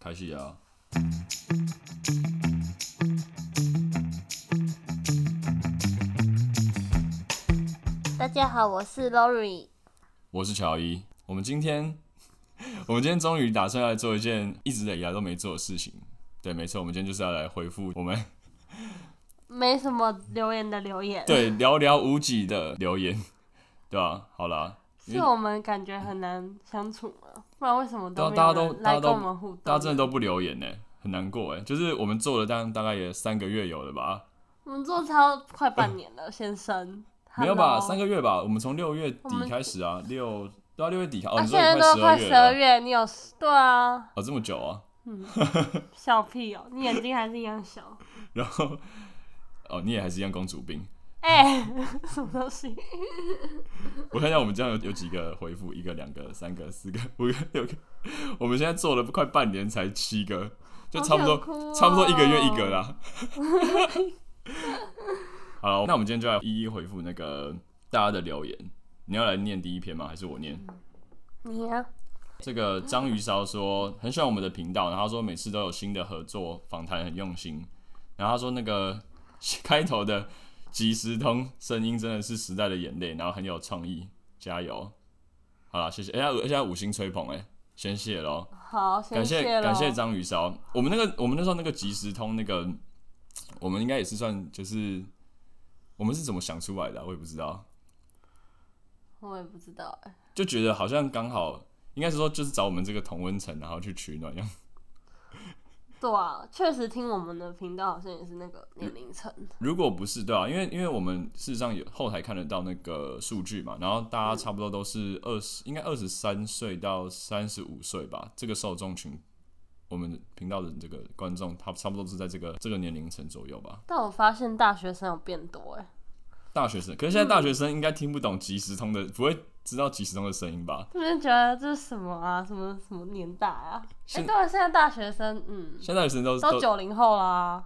開始啊！大家好，我是 l o r i 我是喬伊。我們今天，我們今天終於打算來做一件一直以積、啊、都沒做的事情。對，沒錯，我們今天就是要來回復我們沒什麼留言的留言，對，寥寥無幾的留言，對啊，好了，是我們感覺很難相處了。不然為什麼都大家都大家都大家真的都不留言呢？欸，很難過哎、欸。就是我們做了大大概也三個月有了吧？我們做差不多快半年了，呃、先生沒有吧？三個月吧？我們從六月底開始啊，六到六月底開哦。啊、你現在都快十二月，你有對啊？哦，這麼久啊？嗯，笑 屁哦，你眼睛還是一樣小。然後哦，你也還是一樣公主病。哎、欸，什麼東西？ 我看一下，我們這樣有有幾個回復？一個、兩個、三個、四個、五個、六個。我們現在做了快半年，才七個，就差不多、喔，差不多一個月一個啦。 好啦，那我們今天就要一一回復那個大家的留言。你要來念第一篇嗎？還是我念？你呀，這個章魚燒說很喜歡我們的頻道，然後他說每次都有新的合作訪談，很用心。然後他說那個開頭的。即時通聲音真的是時代的眼淚，然後很有創意，加油！好了，謝謝。哎、欸，我現在五星吹捧，欸，哎，先謝咯。好，感謝感謝章魚燒。我們那個，我們那時候那個即時通，那個，我們應該也是算，就是我們是怎麼想出來的？啊，我也不知道。我也不知道，欸，哎，就覺得好像剛好，應該是說就是找我們這個同溫層，然後去取暖一對啊，確實聽我們的頻道好像也是那個年齡層、嗯。如果不是對啊，因為因為我們事實上有後台看得到那個數據嘛，然後大家差不多都是二十、嗯，應該二十三歲到三十五歲吧。這個受眾群，我們頻道的這個觀眾，他差不多都是在這個這個年齡層左右吧。但我發現大學生有變多誒、欸，大學生，可是現在大學生應該聽不懂即時通的，不會。知道幾十種的聲音吧？是不是覺得這是什麼啊？什麼什麼年代啊？哎，欸、對現在大學生，嗯，現在大學生都都九零後啦、啊，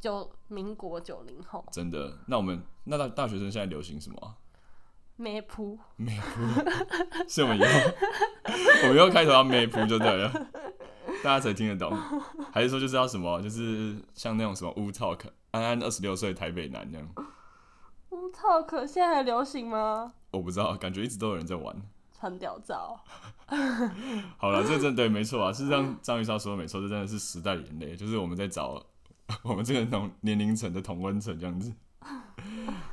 九民國九零後。真的？那我們那大大學生現在流行什麼？美鋪美鋪是我們以後， 我們又開頭要美鋪就對了， 大家才聽得懂。還是說就是要什麼？就是像那種什麼 U Talk 安安二十六歲台北男那樣 U Talk 現在還流行嗎？我不知道，感覺一直都有人在玩穿吊罩。 好了，這這對，沒錯啊，是這樣章魚燒說的沒錯，這真的是時代的眼淚，就是我們在找我們這個同年齡層的同溫層這樣子。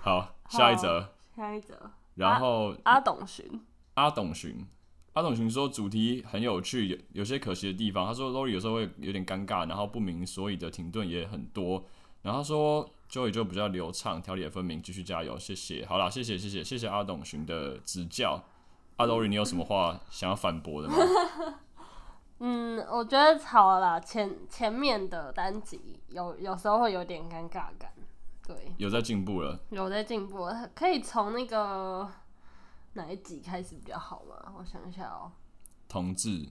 好，下一則，下一則。然後，然後阿董巡，阿董巡，阿董巡說主題很有趣，有有些可惜的地方。他說 Lori 有時候會有點尷尬，然後不明所以的停頓也很多。然後他說。就也就比較流暢，條理也分明，繼續加油，謝謝。好啦，謝謝，謝謝，謝謝阿董尋的指教。阿豆你有什麼話想要反駁的嗎？ 嗯，我覺得好了啦，前前面的單集有有時候會有點尷尬感。對，有在進步了。有在進步了，可以從那個哪一集開始比較好嗎？我想一下哦、喔。同志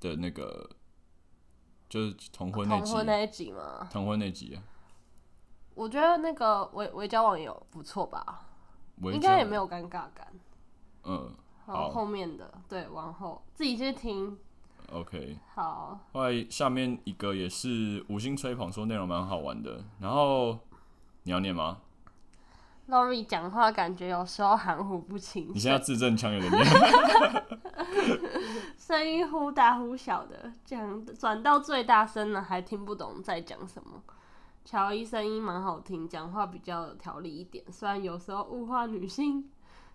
的那個，就是同婚那集。同婚那集嗎？同婚那集啊。我覺得那個微微交網友，不錯吧，應該也沒有尷尬感嗯。嗯，好，後面的對，往後自己去聽。OK，好。後來下面一個也是五星吹捧，說內容蠻好玩的。然後你要念嗎？Lori 講話感覺有時候含糊不清。你現在字正腔圓的念 聲音忽大忽小的，講，轉到最大聲了，還聽不懂在講什麼。喬伊聲音蠻好聽，講話比較有條理一點。雖然有時候物化女性，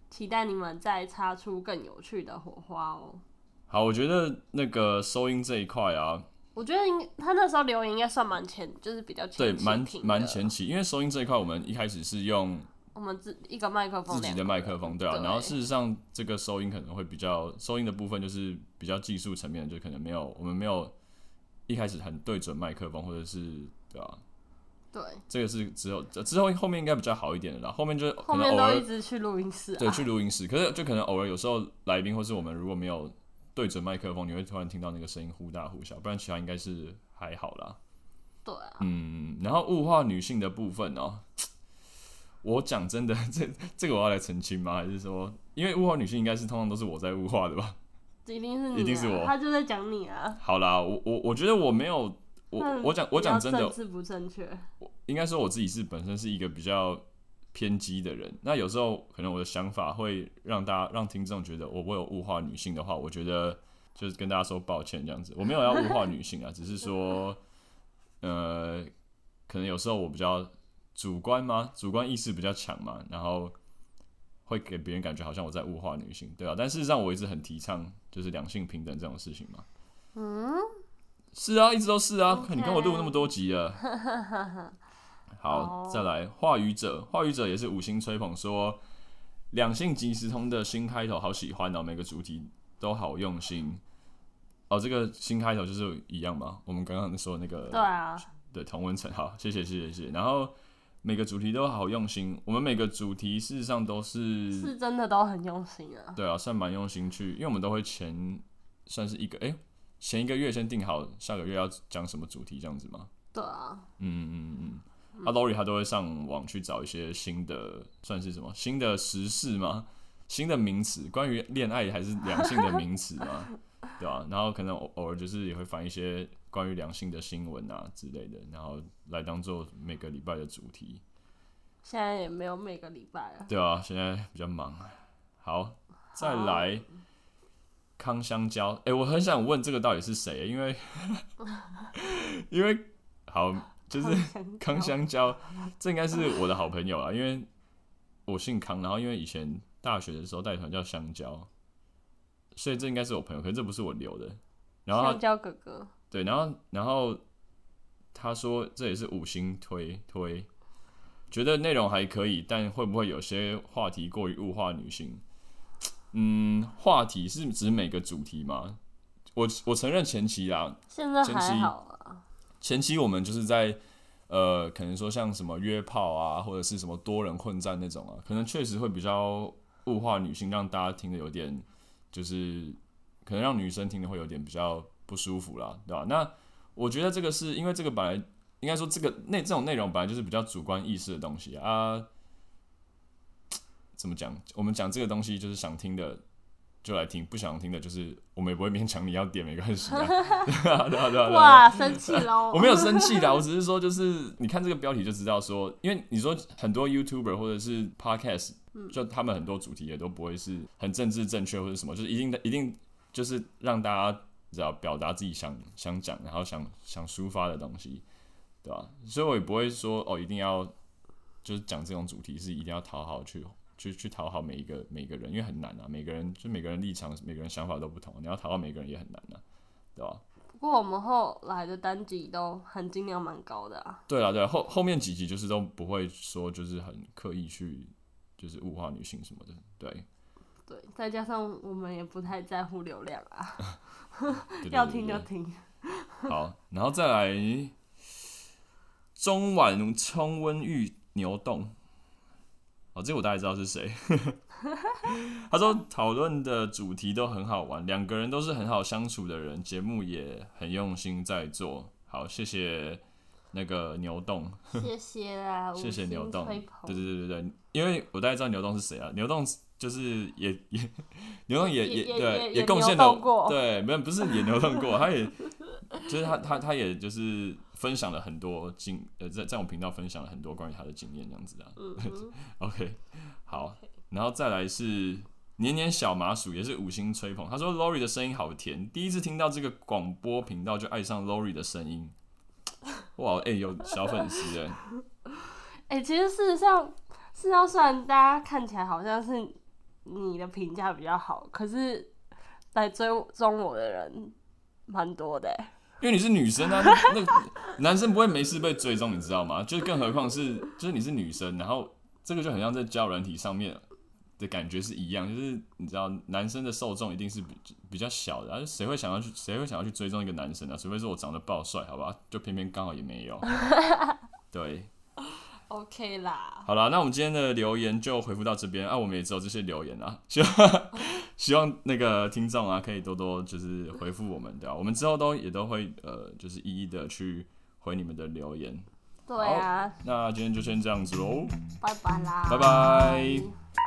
期待你們再擦出更有趣的火花哦。好，我覺得那個收音這一塊啊，我覺得應他那時候留言應該算蠻前，就是比較對蠻蠻前期，因為收音這一塊我們一開始是用我們自一個麥克風自己的麥克風對啊對。然後事實上這個收音可能會比較收音的部分就是比較技術層面，就可能沒有我們沒有一開始很對準麥克風，或者是對吧、啊？對，這個是只有之後之後面應該比較好一點的啦，後面就後面都一直去錄音室、啊，對，去錄音室。可是就可能偶爾有時候來賓或是我們如果沒有對準麥克風，你會突然聽到那個聲音忽大忽小，不然其他應該是還好啦。對啊，嗯，然後物化女性的部分哦、喔，我講真的，這這個我要來澄清嗎？還是說，因為物化女性應該是通常都是我在物化的吧？一定是你、啊，一定是我，他就在講你啊。好啦，我我我覺得我沒有，我我講我講真的，是不正確。應該說我自己是本身是一個比較偏激的人，那有時候可能我的想法會讓大家讓聽眾覺得我會有物化女性的話，我覺得就是跟大家說抱歉這樣子，我沒有要物化女性啊，只是說，呃，可能有時候我比較主觀嘛，主觀意識比較強嘛，然後會給別人感覺好像我在物化女性，對啊，但事實上我一直很提倡就是兩性平等這種事情嘛。嗯，是啊，一直都是啊，okay. 哎、你跟我錄那麼多集了。好，再來話語者，話語者也是五星吹捧，說兩性即時通的新開頭好喜歡哦，每個主題都好用心哦。這個新開頭就是一樣嘛。我們剛剛說的那個對啊，對童文成好，謝謝謝謝，謝、謝，然後每個主題都好用心，我們每個主題事實上都是是真的都很用心啊。對啊，算蠻用心去，因為我們都會前算是一個哎、欸、前一個月先定好下個月要講什麼主題這樣子嗎？對啊，嗯嗯嗯嗯。阿、啊、Lori 他都會上網去找一些新的，算是什麼新的時事嗎？新的名詞，關於戀愛還是兩性的名詞嗎？ 對吧、啊？然後可能偶偶爾就是也會翻一些關於兩性的新聞啊之類的，然後來當做每個禮拜的主題。現在也沒有每個禮拜啊，對啊，現在比較忙。好，再來康香蕉。誒、欸，我很想問這個到底是誰、欸，因為 因為好。就是康香蕉， 這應該是我的好朋友啊，因為我姓康，然後因為以前大學的時候帶團叫香蕉，所以這應該是我朋友，可是這不是我留的。然後香蕉哥哥，對，然後然後他說這也是五星推推，覺得內容還可以，但會不會有些話題過於物化女性？嗯，話題是指每個主題嗎？我我承認前期啦，是不是還好啊，前期好啊。前期我們就是在，呃，可能說像什麼約炮啊，或者是什麼多人混戰那種啊，可能確實會比較物化女性，讓大家聽得有點，就是可能讓女生聽得會有點比較不舒服啦，對吧？那我覺得這個是因為這個本來應該說這個內這種內容本來就是比較主觀意識的東西啊，啊，怎麼講？我們講這個東西就是想聽的。就來聽，不想聽的，就是我們也不會勉強你要點，沒關係，啊 啊。對，啊，對對，啊，對。哇， 生氣氣嘍咯！ 我沒有生氣的，啊，我只是說，就是你看這個標題就知道說，說因為你說很多 YouTuber 或者是 Podcast，就他們很多主題也都不會是很政治正確或者什麼，就是一定一定就是讓大家只要表達自己想想講，然後想想抒發的東西，對吧，啊？所以我也不會說哦，一定要就是講這種主題是一定要討好去。去去討好每一個每一個人，因為很難啊，每個人就每個人立場、每個人想法都不同、啊，你要討好每個人也很難啊，對吧、啊？不過我們後來的單集都含金量蠻高的啊。對啊，對啊，後後面幾集就是都不會說就是很刻意去就是物化女性什麼的，對。對，再加上我們也不太在乎流量啊， 要聽就聽。 好，然後再來中晚春溫玉牛洞》。哦，這個我大概知道是誰。 他說討論的主題都很好玩，兩個人都是很好相處的人，節目也很用心在做。好，謝謝那個牛棟， 謝謝啦，謝謝牛棟，對對對對對，因為我大概知道牛棟是誰啊，牛棟就是也也牛棟也也，也，也對也貢獻了牛棟過，對，沒有不是也牛棟過 他也就是他他，他也就是他他他也就是。分享了很多經，呃，在在我頻道分享了很多關於他的經驗，這樣子的、啊。嗯，嗯 ，OK，好，然後再來是年年小麻薯，也是五星吹捧，他說，Lori 的聲音好甜，第一次聽到這個廣播頻道就愛上 Lori 的聲音。哇，誒、欸，有小粉絲誒。哎、 欸，其實事實上，事實上，雖然大家看起來好像是你的評價比較好，可是來追蹤我，我的人蠻多的誒。因為你是女生啊，那，那男生不會沒事被追蹤，你知道嗎？就是更何況是，就是你是女生，然後這個就很像在交友軟體上面的感覺是一樣，就是你知道，男生的受眾一定是比比較小的、啊，就誰會想要去誰會想要去追蹤一個男生呢、啊？除非是我長得爆帥，好吧？就偏偏剛好也沒有， 對，OK 啦。好啦，那我們今天的留言就回覆到這邊啊，我們也只有這些留言啦、啊，就 希望那個聽眾啊，可以多多就是回復我們，對吧、啊？我們之後都也都會呃，就是一一的去回你們的留言。對啊，那今天就先這樣子嘍，拜拜啦，拜拜。